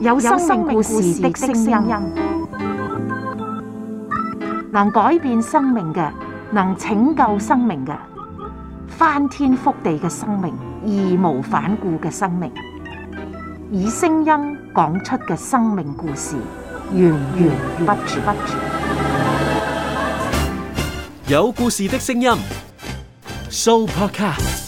有生命故事的聲音，能改變生命嘅，能拯救生命嘅，翻天覆地嘅生命，義無反顧嘅生命，以聲音講出嘅生命故事，源源不絕。有故事的聲音，Soupercast。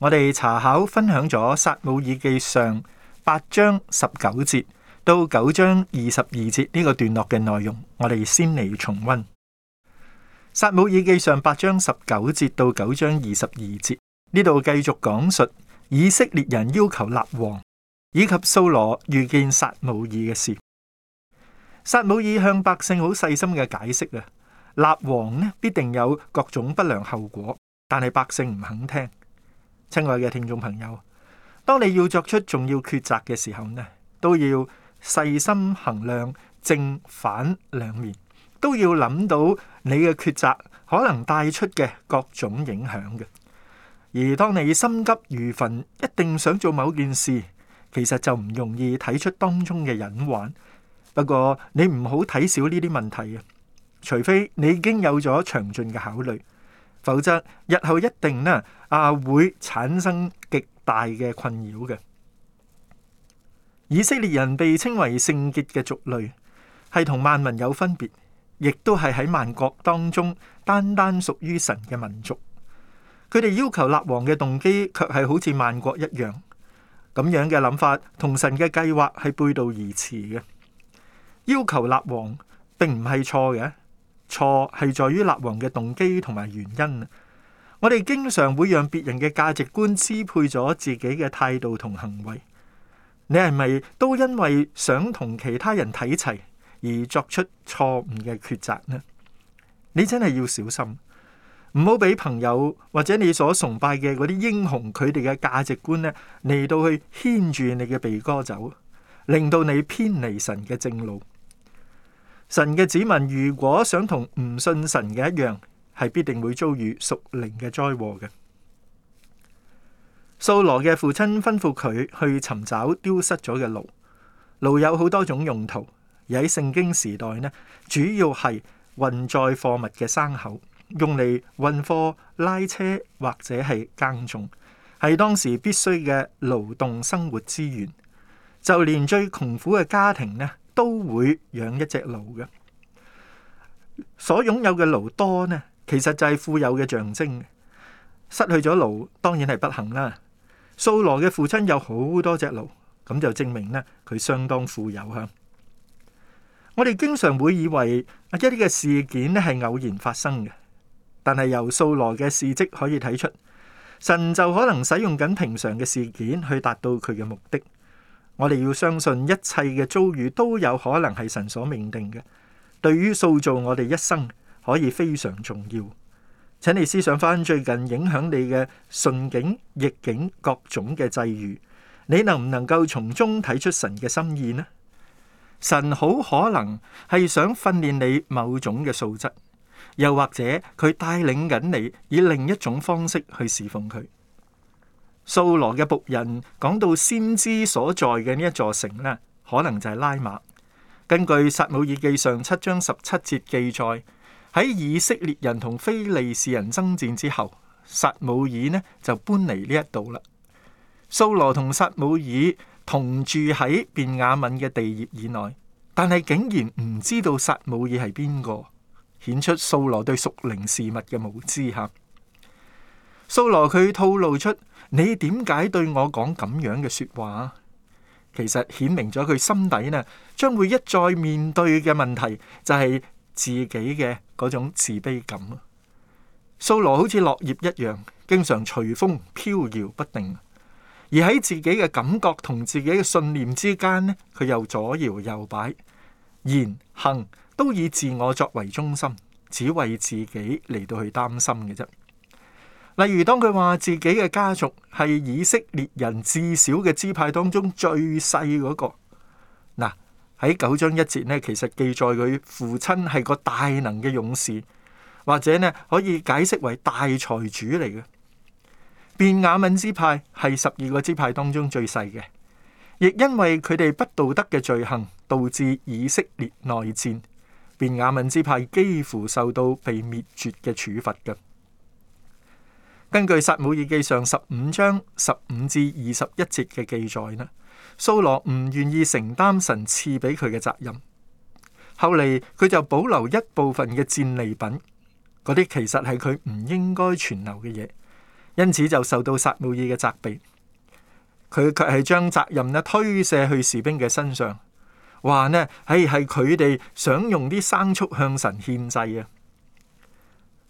我哋查考分享咗《撒母耳記上》八章十九節到九章二十二節呢個段落嘅內容，我哋先嚟重溫《撒母耳記上》八章十九節到九章二十二節呢度繼續講述以色列人要求立王，以及蘇羅遇見撒母耳嘅事。撒母耳向百姓好細心嘅解釋啊，立王呢必定有各種不良後果，但係百姓唔肯聽。親愛嘅聽眾朋友，當你要作出重要抉擇嘅時候呢，都要細心衡量正反兩面，都要諗到你嘅抉擇可能帶出嘅各種影響嘅。而當你心急如焚，一定想做某件事，其實就唔容易睇出當中嘅隱患。不過你唔好睇少呢啲問題啊，除非你已經有咗詳盡嘅考慮。否則日後一定呢啊會產生極大嘅困擾嘅。以色列人被稱為聖潔嘅族類，係同萬民有分別，亦都係喺萬國當中單單屬於神嘅民族。佢哋要求立王嘅動機，卻係好似萬國一樣咁樣嘅諗法，同神嘅計劃係背道而馳嘅。要求立王並唔係錯嘅。錯係在於立王嘅動機同埋原因。我哋經常會讓別人嘅價值觀支配咗自己嘅態度同行為。你係咪都因為想同其他人睇齊而作出錯誤嘅抉擇呢？你真係要小心，唔好俾朋友或者你所崇拜嘅嗰啲英雄佢哋嘅價值觀呢，嚟到去牽住你嘅鼻哥走，令到你偏離神嘅正路。神嘅子民如果想同唔信神嘅一樣，係必定會遭遇屬靈嘅災禍嘅。掃羅嘅父親吩咐佢去尋找丟失咗嘅驢，驢有好多種用途，而喺聖經時代呢，主要係運載貨物嘅牲口，用嚟運貨、拉車或者係耕種，係當時必須嘅勞動生活資源。就連最窮苦嘅家庭呢，都會養一隻驢嘅，所擁有嘅驢多呢，其實就係富有嘅象徵。失去咗驢，當然係不幸啦。掃羅嘅父親有好多隻驢，咁就證明呢，佢相當富有吓。我哋經常會以為一啲嘅事件呢係偶然發生嘅，但係由掃羅嘅事蹟可以睇出，神就可能使用緊平常嘅事件去達到佢嘅目的。我哋要相信一切嘅遭遇都有可能係神所命定嘅，對於塑造我哋一生可以非常重要。請你思想翻最近影響你嘅順境、逆境，各種嘅際遇，你能唔能夠從中睇出神嘅心意呢？神好可能係想訓練你某種嘅素質，又或者佢帶領緊你以另一種方式去侍奉佢。掃羅嘅僕人講到先知所在嘅呢一座城呢，可能就係拉馬。根據撒母耳記上七章十七節記載，喺以色列人同非利士人爭戰之後，撒母耳呢就搬嚟呢一度啦。掃羅同撒母耳同住喺便雅憫嘅地業以內，但係竟然唔知道撒母耳係邊個，顯出掃羅對屬靈事物嘅無知吓。素羅佢透露出，你點解對我講咁樣嘅說話？其實顯明咗佢心底呢，將會一再面對嘅問題就係自己嘅嗰種自卑感。素羅好似落葉一樣，經常隨風飄搖不定，而喺自己嘅感覺同自己嘅信念之間呢，佢又左搖右擺，言行都以自我作為中心，只為自己嚟到去擔心嘅啫。例如，當佢話自己嘅家族係以色列人至少嘅支派當中最細嗰、那個，嗱喺九章一節咧，其實記載佢父親係個大能嘅勇士，或者咧可以解釋為大財主嚟嘅。便雅敏支派係十二個支派當中最細嘅，亦因為佢哋不道德嘅罪行，導致以色列內戰。便雅敏支派幾乎受到被滅絕嘅處罰嘅。根據撒母耳記上十五章十五至二十一節嘅記載呢，掃羅唔願意承擔神賜俾佢嘅責任，後嚟佢就保留一部分嘅戰利品，嗰啲其實係佢唔應該存留嘅嘢，因此就受到撒母耳嘅責備。佢卻係將責任呢推卸去士兵嘅身上，話呢，唉係佢哋想用啲牲畜向神獻祭啊。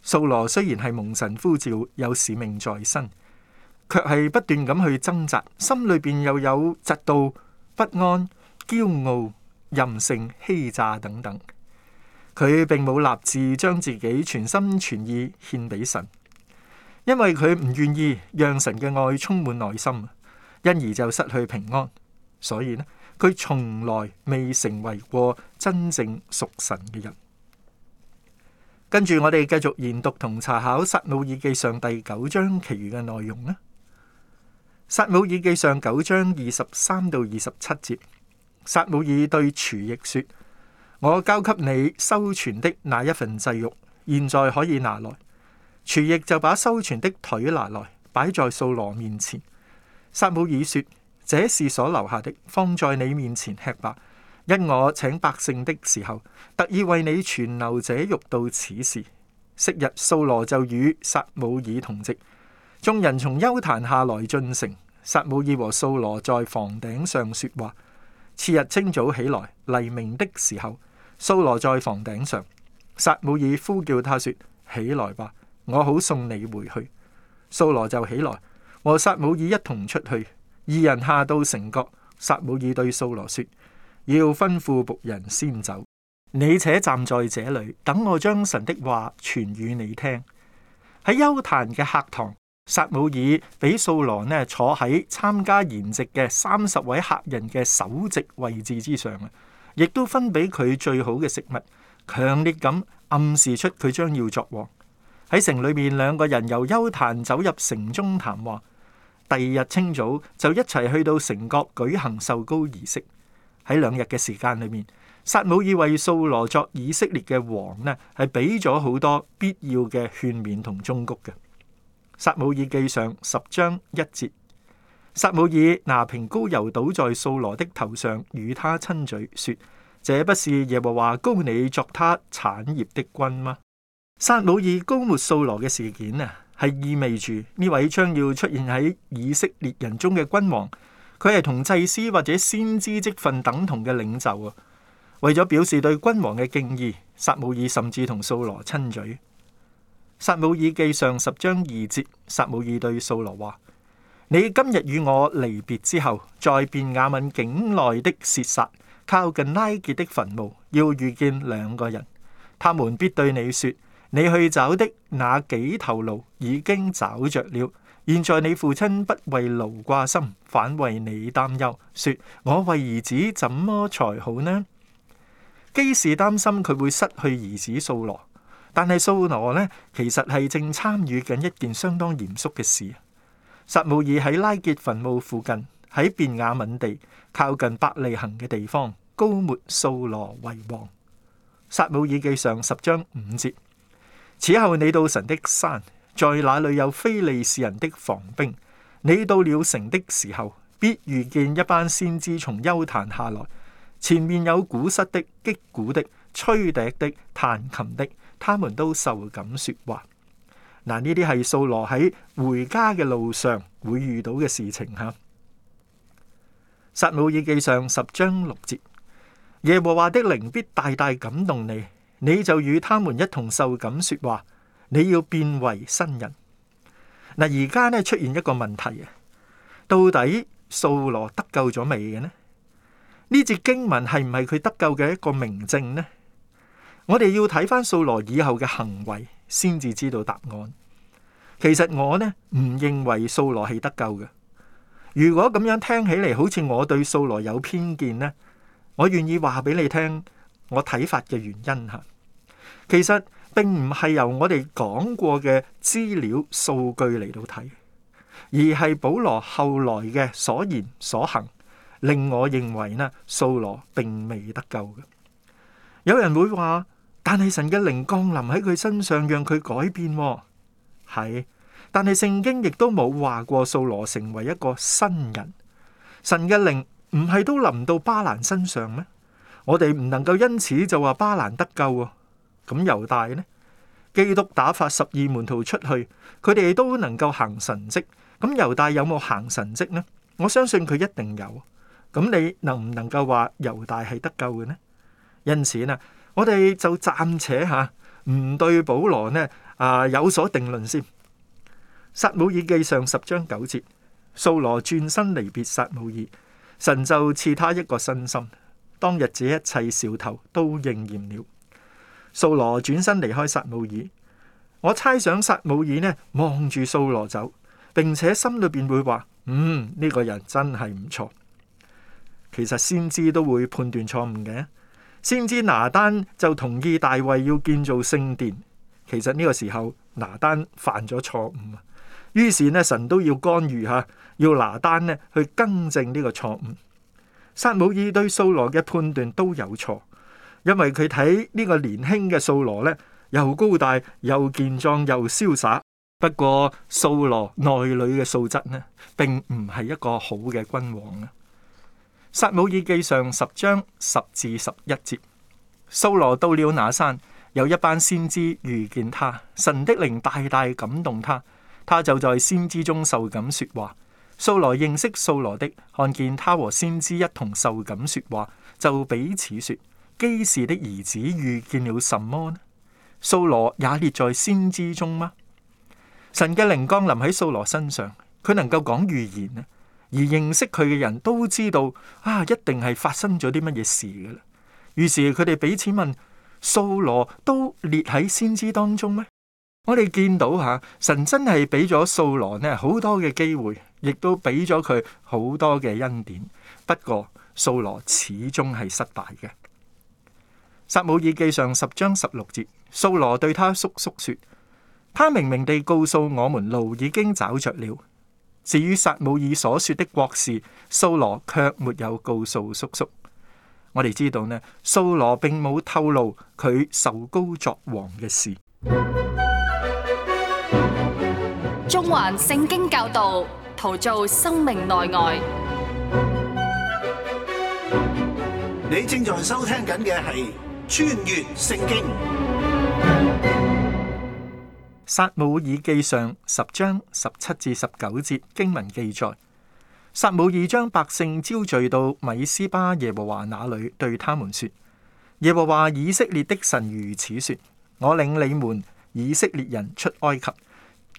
素羅雖然係蒙神呼召，有使命在身，卻係不斷咁去掙扎，心裏邊又有嫉妒、不安、驕傲、任性、欺詐等等。佢並冇立志將自己全心全意獻俾神，因為佢唔願意讓神嘅愛充滿內心，因而就失去平安。所以呢，佢從來未成為過真正屬神嘅人。跟住我哋繼續研讀同查考《撒母耳記上》第九章其餘嘅內容啦，《撒母耳記上》九章二十三到二十七節，撒母耳對廚役說：我交給你收存的那一份祭肉，現在可以拿來。廚役就把收存的腿拿來擺在掃羅面前。撒母耳說：這是所留下的，放在你面前吃吧。因我請百姓的時候，特意為你存留這肉到此時。昔日，掃羅就與撒母耳同席，眾人從丘壇下來進城。撒母耳和掃羅在房頂上說話。次日清早起來，黎明的時候，掃羅在房頂上，撒母耳呼叫他說：起來吧，我好送你回去。掃羅就起來，和撒母耳一同出去。二人下到城角，撒母耳對掃羅說。要吩咐僕人先走，你且站在這裏，等我將神的話傳與你聽。喺休壇嘅客堂，撒母耳比素羅呢坐喺參加筵席嘅三十位客人嘅首席位置之上啊，亦都分俾佢最好嘅食物，強烈咁暗示出佢將要作王喺城裏面。兩個人由休壇走入城中談話，第二日清早就一齊去到城角舉行受膏儀式。喺兩日嘅時間裏面，撒母耳為掃羅作以色列嘅王呢，係俾咗好多必要嘅勸勉同忠告嘅。撒母耳記上十章一節，撒母耳拿瓶膏油倒在掃羅的頭上，與他親嘴，說：這不是耶和華膏你作他產業的君嗎？撒母耳膏沒掃羅嘅事件啊，係意味住呢位將要出現喺以色列人中嘅君王。佢係同祭司或者先知職份等同嘅領袖啊，為咗表示對君王嘅敬意，撒母耳甚至同掃羅親嘴。撒母耳記上十章二節，撒母耳對掃羅話：你今日與我離別之後，在便雅憫境內的泄撒，靠近拉結的墳墓，要遇見兩個人，他們必對你說：你去找的那幾頭驢已經找着了。現在你父親不為驢掛心，反為你擔憂，說：我為兒子怎麼才好呢？基士擔心佢會失去兒子掃羅，但係掃羅呢，其實係正參與緊一件相當嚴肅嘅事。撒母耳喺拉結墳墓附近，喺便雅憫地靠近伯利恆嘅地方，膏抹掃羅為王。撒母耳記上十章五節：此後你到神的山。在那裏有非利士人的防兵，你到了城的時候，必遇見一班先知從丘壇下來，前面有鼓瑟的、擊鼓的、吹笛的、彈琴的，他們都受感說話。嗱、啊，呢啲係掃羅喺回家嘅路上會遇到嘅事情吓、啊。撒母耳記上十章六節，耶和華的靈必大大感動你，你就與他們一同受感說話。你要變為新人。嗱，而家咧出現一個問題啊，到底掃羅得救咗未嘅呢？呢節經文係唔係佢得救嘅一個明證呢？我哋要睇翻掃羅以後嘅行為，先至知道答案。其實我呢唔認為掃羅係得救嘅。如果咁樣聽起嚟，好似我對掃羅有偏見呢？我願意話俾你聽我睇法嘅原因吓，其實。並唔係由我哋講過嘅資料數據嚟到睇，而係保羅後來嘅所言所行，令我認為呢，掃羅並未得救。有人會話，但係神嘅靈降臨喺佢身上，讓佢改變。係，但係聖經亦都冇話過掃羅成為一個新人。神嘅靈唔係都臨到巴蘭身上咩？我哋唔能夠因此就話巴蘭得救。咁猶大呢？基督打發十二門徒出去，佢哋都能夠行神蹟。咁猶大有冇行神蹟呢？我相信佢一定有。咁你能唔能夠話猶大係得救嘅呢？因此呢，我哋就暫且吓唔對保羅呢啊有所定論先。撒母耳記上十章九節，掃羅轉身離別撒母耳，神就賜他一個身心。當日這一切兆頭都應驗了。素掃羅轉身離開撒母耳，我猜想撒母耳呢望住素掃羅走，並且心裏邊會話：嗯，呢個人真係唔錯。其實先知都會判斷錯誤嘅，先知拿單就同意大衛要建造聖殿，其實呢個時候拿單犯咗錯誤，於是呢神都要干預吓，要拿單呢去更正呢個錯誤。撒母耳對素掃羅嘅判斷都有錯。因為佢睇呢個年輕嘅掃羅呢，又高大又健壯又瀟灑。不過，掃羅內裏嘅素質呢，並唔係一個好嘅君王啊。撒母耳記上十章十至十一節，掃羅到了那山，有一班先知遇見他，神的靈大大感動他，他就在先知中受感說話。掃羅認識掃羅的，看見他和先知一同受感說話，就彼此說。基士的兒子遇見了什麼呢？掃羅也列在先知中嗎？神嘅靈降臨喺掃羅身上，佢能夠講預言啊，而認識佢嘅人都知道啊，一定係發生咗啲乜嘢事嘅啦。於是佢哋彼此問：掃羅都列喺先知當中咩？我哋見到吓神真係俾咗掃羅呢好多嘅機會，亦都俾咗佢好多嘅恩典。不過掃羅始終係失敗嘅。撒母耳記上十章十六節，掃羅對他叔叔說：他明明地告訴我們路已經找着了。至於撒母耳所說的國事，掃羅卻沒有告訴叔叔。我哋知道呢，掃羅並冇透露佢受膏作王嘅事。中環聖經教導，陶造生命內外。你正在收聽緊嘅係。穿越聖經，撒母耳記上十章十七至十九節經文記載，撒母耳將百姓招聚到米斯巴耶和華那裏，對他們說：耶和華以色列的神如此說：我領你們以色列人出埃及，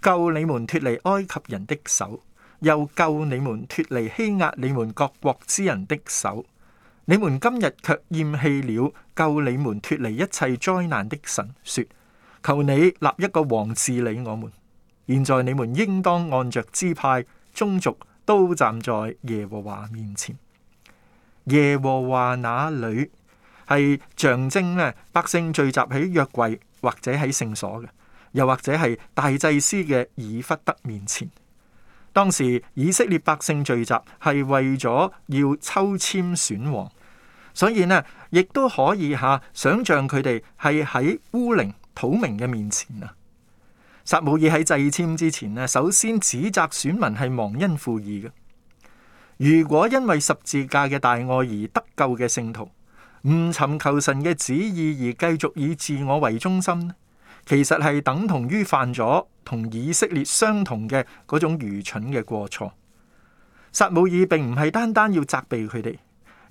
救你們脫離埃及人的手，又救你們脫離欺壓你們各國之人的手。你們今日卻厭棄了救你們脱離一切災難的神，說：求你立一個王治理我們。現在你們應當按着支派、宗族都站在耶和華面前。耶和華那裏係象徵咧，百姓聚集喺約櫃，或者喺聖所嘅，又或者係大祭司嘅以弗得面前。當時以色列百姓聚集係為咗要抽籤選王。所以呢，亦都可以吓想象佢哋係喺烏陵土明嘅面前啊。撒母耳喺祭簽之前咧，首先指責選民係忘恩負義嘅。如果因為十字架嘅大愛而得救嘅聖徒，唔尋求神嘅旨意而繼續以自我為中心，其實係等同於犯咗同以色列相同嘅嗰種愚蠢嘅過錯。撒母耳並唔係單單要責備佢哋。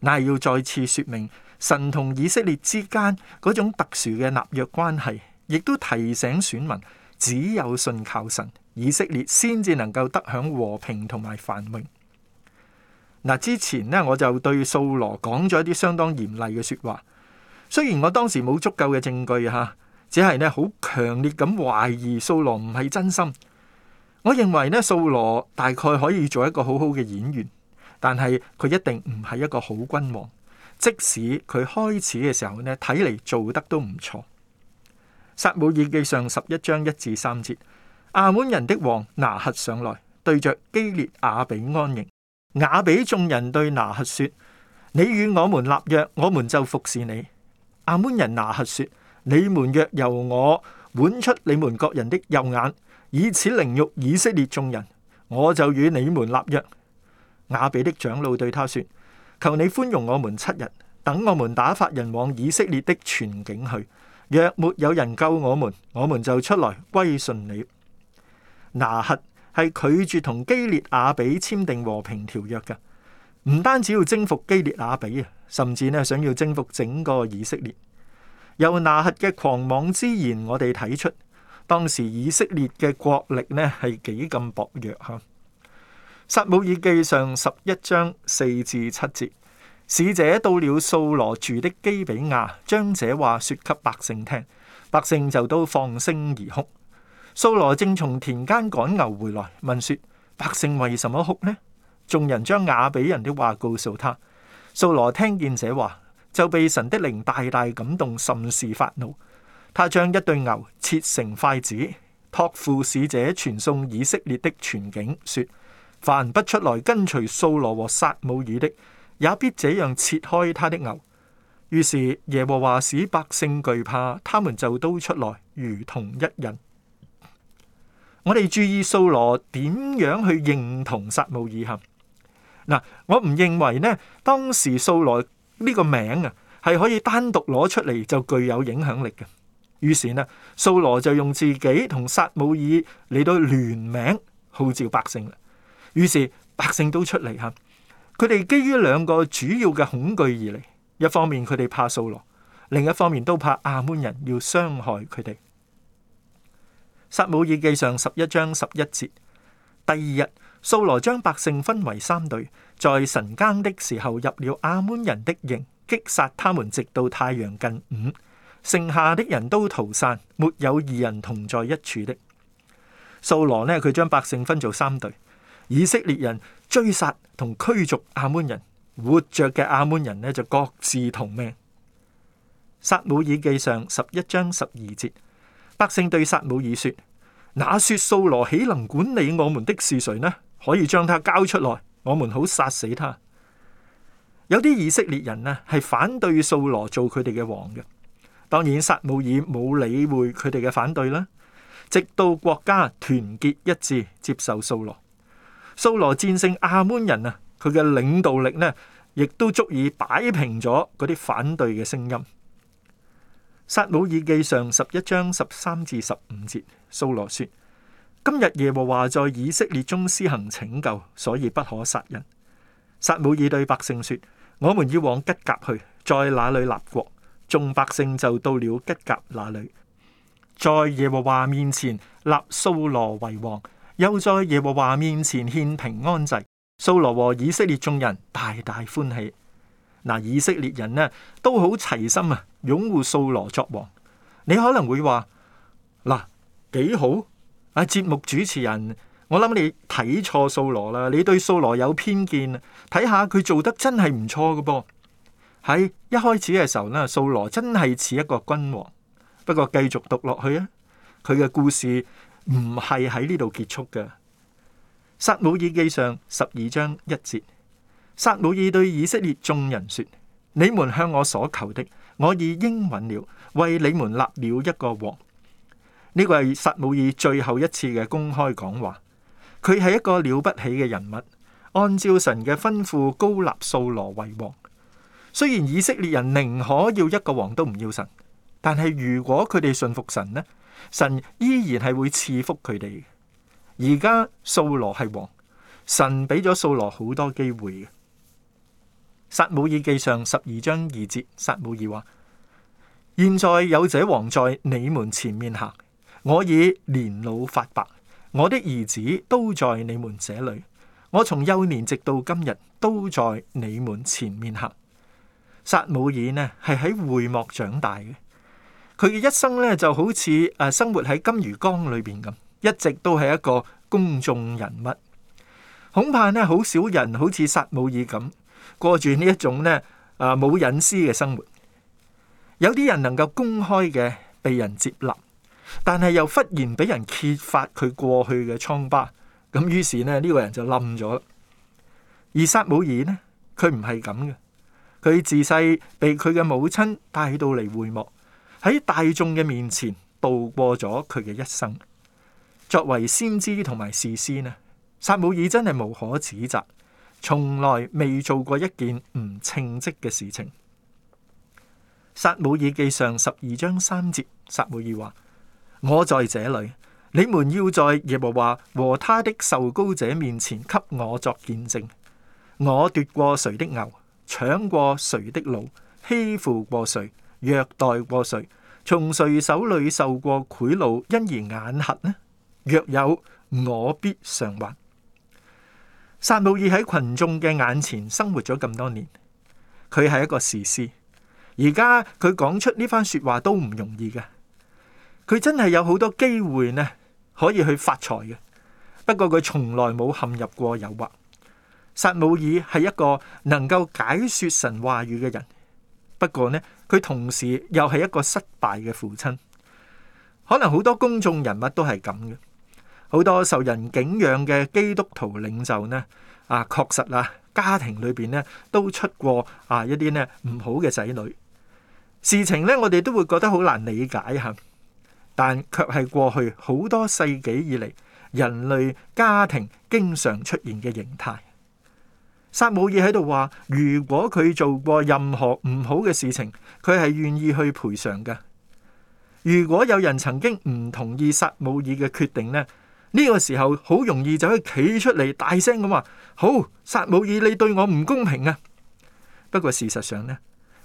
嗱，要再次説明神同以色列之間嗰種特殊嘅納約關係，亦都提醒選民，只有信靠神，以色列先至能夠得享和平同埋繁榮。嗱，之前咧我就對掃羅講咗一啲相當嚴厲嘅説話，雖然我當時冇足夠嘅證據嚇，只係咧好強烈咁懷疑掃羅唔係真心。我認為咧掃羅大概可以做一個好好嘅演員。但係佢一定唔係一個好君王，即使佢開始嘅時候呢，睇嚟做得都唔錯。撒母耳記上十一章一至三節，亞門人的王拿轄上來，對着基列亞比安營。亞比眾人對拿轄說：你與我們立約，我們就服侍你。亞門人拿轄說：你們若由我剜出你們各人的右眼，以此凌辱以色列眾人，我就與你們立約。亞比的長老對他說：求你寬容我們七日，等我們打發人往以色列的全境去，若沒有人救我們，我們就出來歸順你。拿轄係拒絕同基列亞比簽訂和平條約嘅，唔單止要征服基列亞比啊，甚至呢，想要征服整個以色列。由拿轄嘅狂妄之言，我哋睇出當時以色列嘅國力呢，係幾咁薄弱吓。撒母耳記上十一章四至七節，使者到了掃羅住的基比亞，將這話說給百姓聽，百姓就都放聲而哭。掃羅正從田間趕牛回來，問說：百姓為什麼哭呢？眾人將雅比人的話告訴他，掃羅聽見這話，就被神的靈大大感動，甚是發怒。他將一對牛切成筷子，託付使者傳送以色列的全景，說。凡不出來跟隨掃羅和撒母耳的，也必這樣切開他的牛。於是耶和華使百姓懼怕，他們就都出來，如同一人。我哋注意掃羅點樣去認同撒母耳行嗱。我唔認為呢，當時掃羅呢個名啊，係可以單獨攞出嚟，就具有影響力嘅。於是呢，掃羅就用自己同撒母耳嚟到聯名號召百姓啦。於是百姓都出嚟嚇，佢哋基於兩個主要嘅恐懼而嚟。一方面佢哋怕掃羅，另一方面都怕亞捫人要傷害佢哋。撒母耳記上十一章十一節，第二日，掃羅將百姓分為三隊，在晨更的時候入了亞捫人的營，擊殺他們，直到太陽近午，剩下的人都逃散，沒有二人同在一處的。掃羅呢，佢將百姓分做三隊。以色列人追殺同驅逐阿門人，活着嘅阿門人呢，就各自同命。撒母耳記上十一章十二節，百姓對撒母耳說：那說掃羅豈能管理我們的是誰呢？可以將他交出來，我們好殺死他。有啲以色列人呢係反對掃羅做佢哋嘅王嘅，當然撒母耳冇理會佢哋嘅反對啦。直到國家團結一致接受掃羅。蘇羅戰勝亞捫人啊，佢嘅領導力呢，亦都足以擺平咗嗰啲反對嘅聲音。撒母耳記上十一章十三至十五節，掃羅說：今日耶和華在以色列中施行拯救，所以不可殺人。撒母耳對百姓說：我們要往吉甲去，在那裏立國。眾百姓就到了吉甲那裏，在耶和華面前立掃羅為王。又在耶和華面前獻平安祭，掃羅和以色列眾人大大歡喜。嗱，以色列人呢都好齊心啊，擁護掃羅作王。你可能會話：嗱，幾好啊！節目主持人，我諗你睇錯掃羅啦，你對掃羅有偏見，睇下佢做得真係唔錯噶噃。喺一開始嘅時候呢，掃羅真係似一個君王。不過繼續讀落去啊，佢嘅故事。唔係喺呢度結束嘅。撒母耳記上十二章一節，撒母耳對以色列眾人說：你們向我所求的，我已應允了，為你們立了一個王。呢個係撒母耳最後一次嘅公開講話。佢係一個了不起嘅人物，按照神嘅吩咐膏立掃羅為王。雖然以色列人寧可要一個王都唔要神，但係如果佢哋信服神呢？神依然係會賜福佢哋。而家掃羅係王神俾咗掃羅好多機會嘅。撒母耳記上十二章二節，撒母耳話：現在有者王在你們前面行，我已年老髮白，我的兒子都在你們這裏，我從幼年直到今日都在你們前面行。撒母耳呢係喺會幕長大嘅。佢嘅一生咧就好似，誒，生活喺金魚缸裏邊咁，一直都係一個公眾人物。恐怕咧，好少人好似撒母耳咁過住呢一種咧，啊，冇隱私嘅生活。有啲人能夠公開嘅被人接納，但係又忽然俾人揭發佢過去嘅瘡疤，咁於是咧呢個人就冧咗。而撒母耳咧，佢唔係咁嘅，佢自細被佢嘅母親帶到嚟會幕。喺大眾嘅面前度過咗佢嘅一生。作為先知同埋士師，呢，撒母耳真係無可指責，從來未做過一件唔稱職嘅事情。撒母耳記上十二章三節，撒母耳話：我在這裏，你們要在耶和華和他的受膏者面前給我作見證，我奪過誰的牛，搶過誰的路，欺負過誰。虐待過誰，從誰手裏受過賄賂，因而眼黑呢？若有，我必償還。撒母耳喺群眾嘅眼前生活咗咁多年，佢係一個士師，而家佢講出呢番說話都唔容易嘅。佢真係有好多機會呢，可以去發財嘅。不過佢從來冇陷入過誘惑。撒母耳係一個能夠解說神話語嘅人。不過呢，佢同時又係一個失敗嘅父親，可能好多公眾人物都係咁嘅。好多受人敬仰嘅基督徒領袖呢，啊，確實啦，啊，家庭裏邊呢都出過啊一啲呢唔好嘅仔女，事情呢我哋都會覺得好難理解吓，但卻係過去好多世紀以嚟人類家庭經常出現嘅形態。撒母耳喺度話：如果佢做過任何唔好嘅事情，佢係願意去賠償嘅。如果有人曾經唔同意撒母耳嘅決定呢，呢、呢個時候好容易就可以企出嚟大聲咁話：好、oh,，撒母耳你對我唔公平啊！不過事實上呢，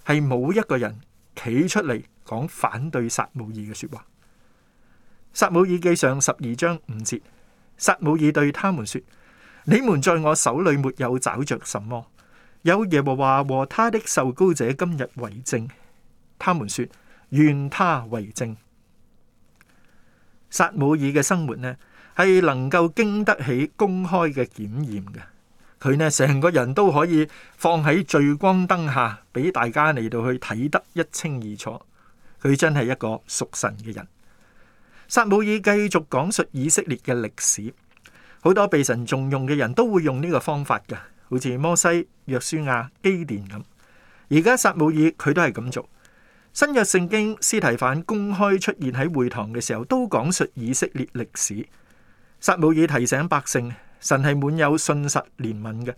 係冇一個人企出嚟講反對撒母耳嘅說話。撒母耳記上十二章五節，撒母耳對他們說。你們在我手裏沒有找着什麼，有耶和華和他的受膏者今日為證，他們說願他為證。撒母耳嘅生活呢係能夠經得起公開嘅檢驗嘅，佢呢成個人都可以放喺聚光燈下，俾大家嚟到去睇得一清二楚。佢真係一個屬神嘅人。撒母耳繼續講述以色列嘅歷史。好多被神重用嘅人都會用呢個方法嘅，好似摩西、約書亞、基甸咁。而家撒母耳佢都係咁做。新約聖經司提反公開出現喺會堂嘅時候，都講述以色列歷史。撒母耳提醒百姓，神係滿有信實憐憫嘅。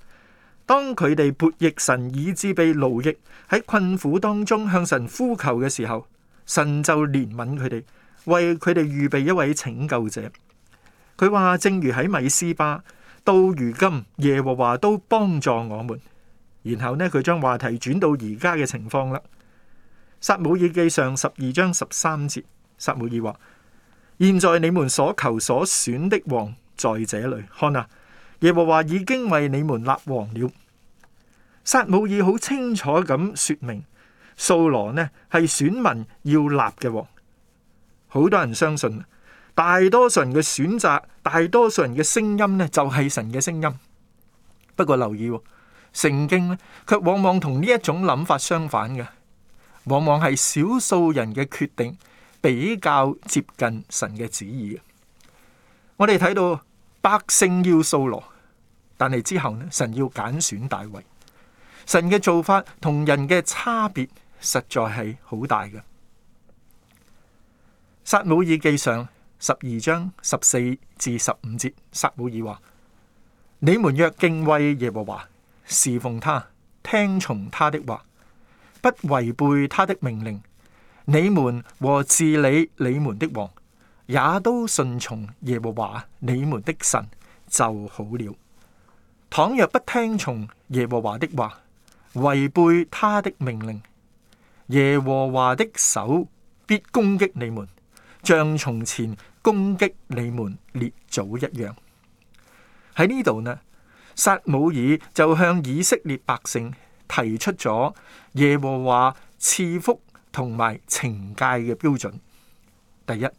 當佢哋悖逆神以致被奴役喺困苦當中向神呼求嘅時候，神就憐憫佢哋，為佢哋預備一位拯救者。佢話：正如喺米斯巴，到如今耶和華都幫助我們。然後呢，佢將話題轉到而家嘅情況啦。撒母耳記上十二章十三節，撒母耳話：現在你們所求所選的王在這裏，看啊！耶和華已經為你們立王了。撒母耳好清楚咁說明，掃羅呢係選民要立嘅王。好多人相信。大多數人嘅選擇，大多數人嘅聲音呢，就係神嘅聲音。不過留意喎，聖經呢，卻往往同呢一種諗法相反嘅，往往係少數人嘅決定比較接近神嘅旨意。我哋睇到百姓要掃羅，但係之後呢，神要揀選大衛。神嘅做法同人嘅差別實在係好大嘅。撒母耳記上，十二章十四至十五節，撒母耳話：你們若敬畏耶和華，侍奉他，聽從他的話，不違背他的命令，你們和治理你們的王也都順從耶和華你們的神就好了。倘若不聽從耶和華的話，違背他的命令，耶和華的手必攻擊你們。像從前攻擊你們列祖一樣，喺呢度呢，撒母耳就向以色列百姓提出咗耶和華賜福同埋懲戒嘅標準。第一，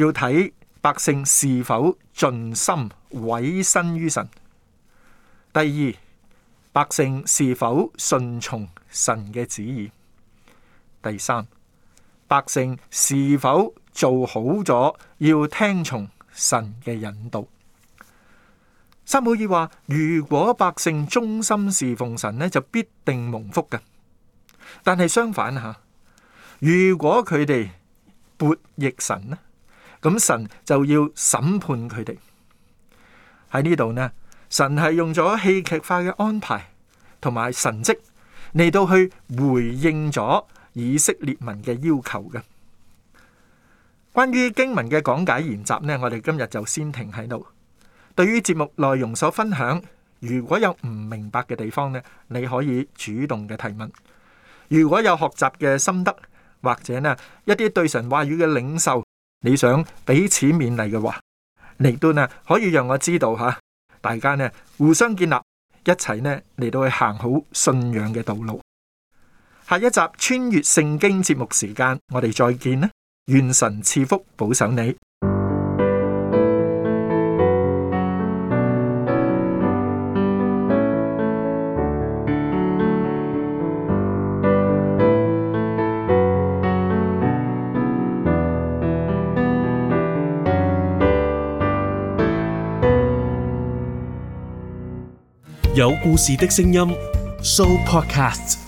要睇百姓是否盡心委身於神；第二，百姓是否順從神嘅旨意；第三。百姓是否做好咗？要聽從神嘅引導。撒母耳話：如果百姓忠心侍奉神呢就必定蒙福嘅。但係相反吓，如果佢哋悖逆神咧，咁神就要審判佢哋。喺呢度呢，神係用咗戲劇化嘅安排同埋神蹟嚟到去回應咗。以色列文嘅要求嘅，關於經文嘅講解研習呢，我哋今日就先停喺度。對於節目內容所分享，如果有唔明白嘅地方呢，你可以主動嘅提問；如果有學習嘅心得或者呢一啲對神話語嘅領袖，你想彼此勉勵嘅話，嚟到呢可以讓我知道吓，大家呢互相建立，一齊呢嚟到去行好信仰嘅道路。下一集穿越聖經節目時間，我哋再見啦！願神賜福保守你。有故事的聲音，Show Podcast。